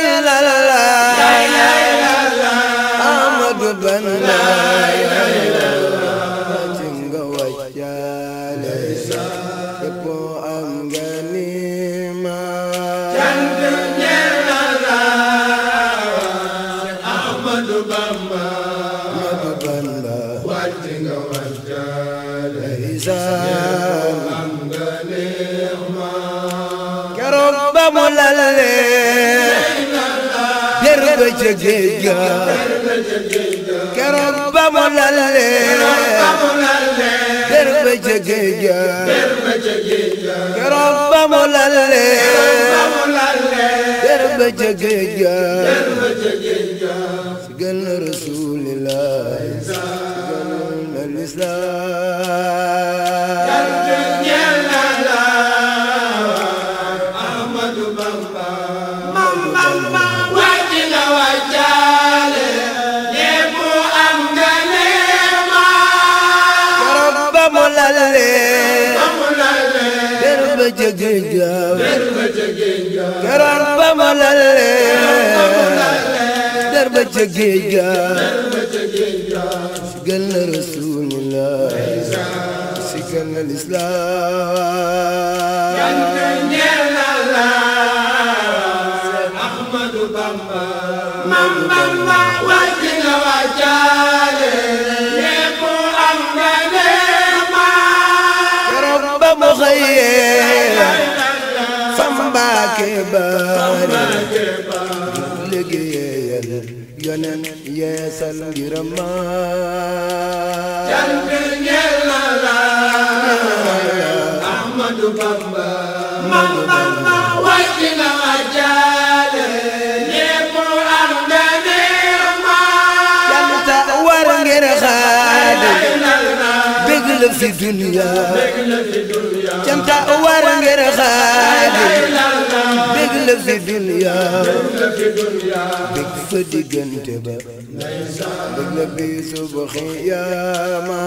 la la la Ahmadu Bamba ba mu lalee kër ba ca géej ga keroog ba mu lalee kër ba ca géej ga keroog ba mu lalee kër ba ca géej ga si gën la rasulillah si gën la lislaam بجقيقة قرب ملالي درب جقيقة سقلنا رسول الله سقلنا الإسلام أحمد بمبا من بمبا وزن وجاله يبو أمنا نعمة رب kebaar liggéeyal yeesal ngirëm maa jant Ahmadu Bamba Bamba wàcc la fi dunya canta war ngir xaadi bég la fi dunya bég fa diggante ba bég la bisu bu xiyaama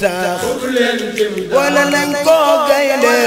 tax wala ko gaynde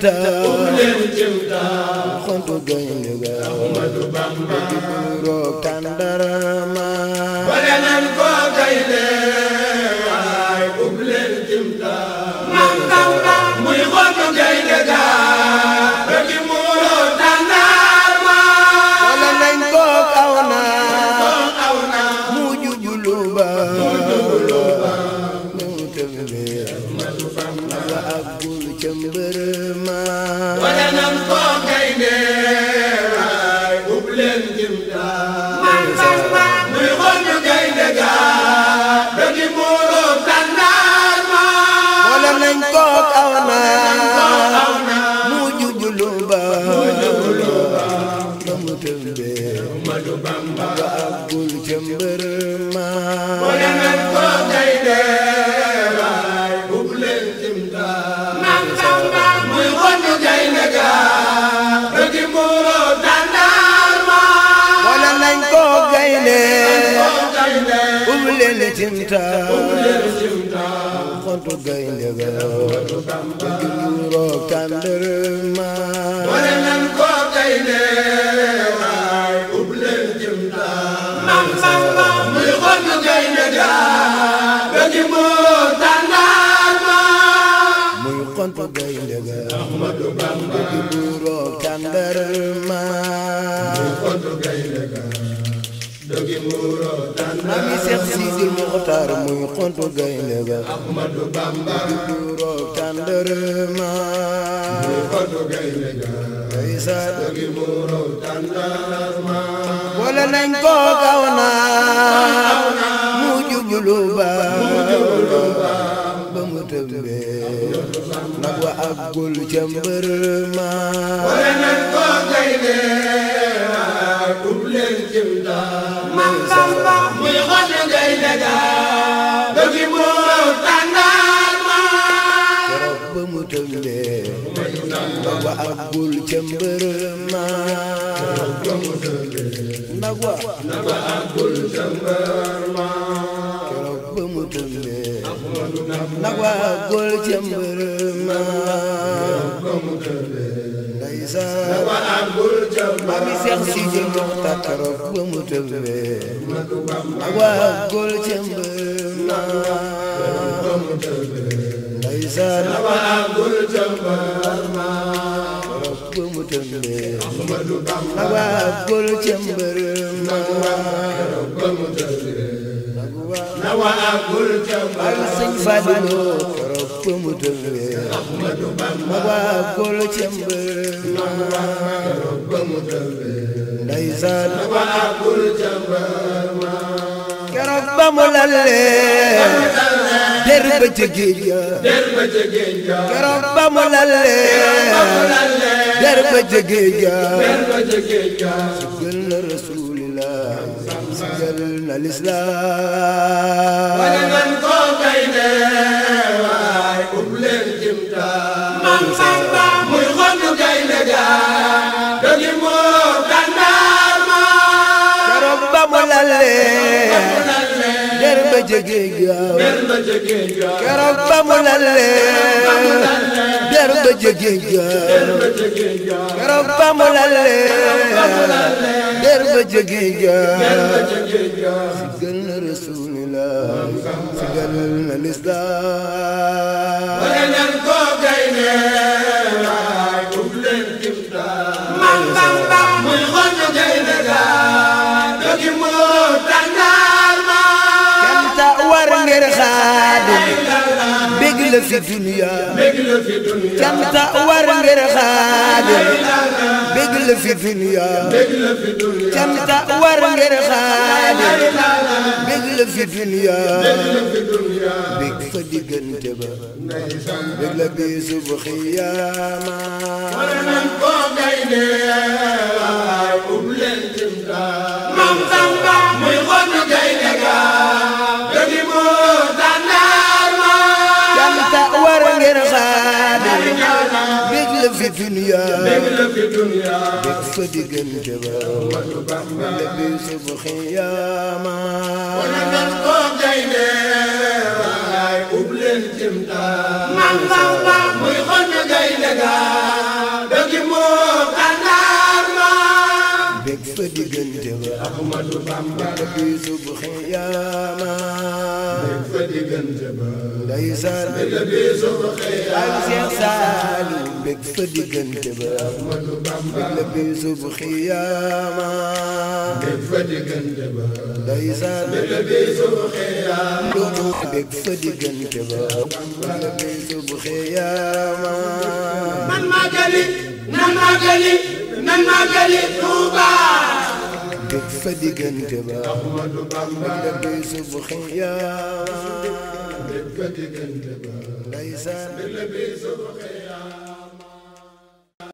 jëwta xontu gaynde ga Ahmadu Bamba buroog tàndarama bare nan ko gaynde waay ubleen jëwta mam Bamba muy xontu gaynde Bamba abul jëmbër ma wala nan ko gaynde umu leen di timtaa xontu gaynde ga juróom tàndarma wane nan ko gaynde waay umu leen di timtaa mam mam mam muy xontu gaynde ga muxtaar muy xontu gaynde ga Ahmadu Bamba duroog tàndarma muy xontu gaynde ga day saat gi muroog tàndarma wala nañ ko kaw naa mu jublu ba ba mu tëbbee nag wa ak gul ca mbër ma wala nañ ko gaynde bul kemberma nagwa nagwa bul kemberma keroog ba mu tëmbe nagwa bul kemberma ndeysaan mami Seex Sidi Muxtaar keroog ba mu tëmbe nagwa bul kemberma ndeysaan nagwa bul kemberma tëmbee mag mu tëmbee mag ba mu der ba ca géej ga mu lalee der ba jege jaar sigel na rasulillah sigel na lislaam wane nan ko kay dee waay ub leen jimtaan man Samba muy xondu kay ne jaar dogi moo kandaar maa garab ba mu lalee jege gaaw keroog ba mu lalee der ba jege gaaw keroog ba mu lalee der ba jege gaaw si gën na rasulillah si gënal na lislaam خادم بقل في دنيا كم تأور غير خادم بقل في دنيا كم تأور غير خادم بقل في دنيا بق فدق انتبه بقل بيسو بخيامة ورنم فوقين fa diggante ba bu xiyaama wala nan ko gaynde wallaay ub leen jimta man baax baax muy xol ñu gaynde ga dogi moo kàndaar بدقن جبال ليس لبيس بخير يا سالم بك فدقن جبال أحمد بامبا لبيس بخيامة بك فدقن جبال ليس لبيس بخير بك فدقن جبال لبيس بخيامة من ما قلي من ما قلي من ما قلي توبه fa diggante ba da bay subu xiyaam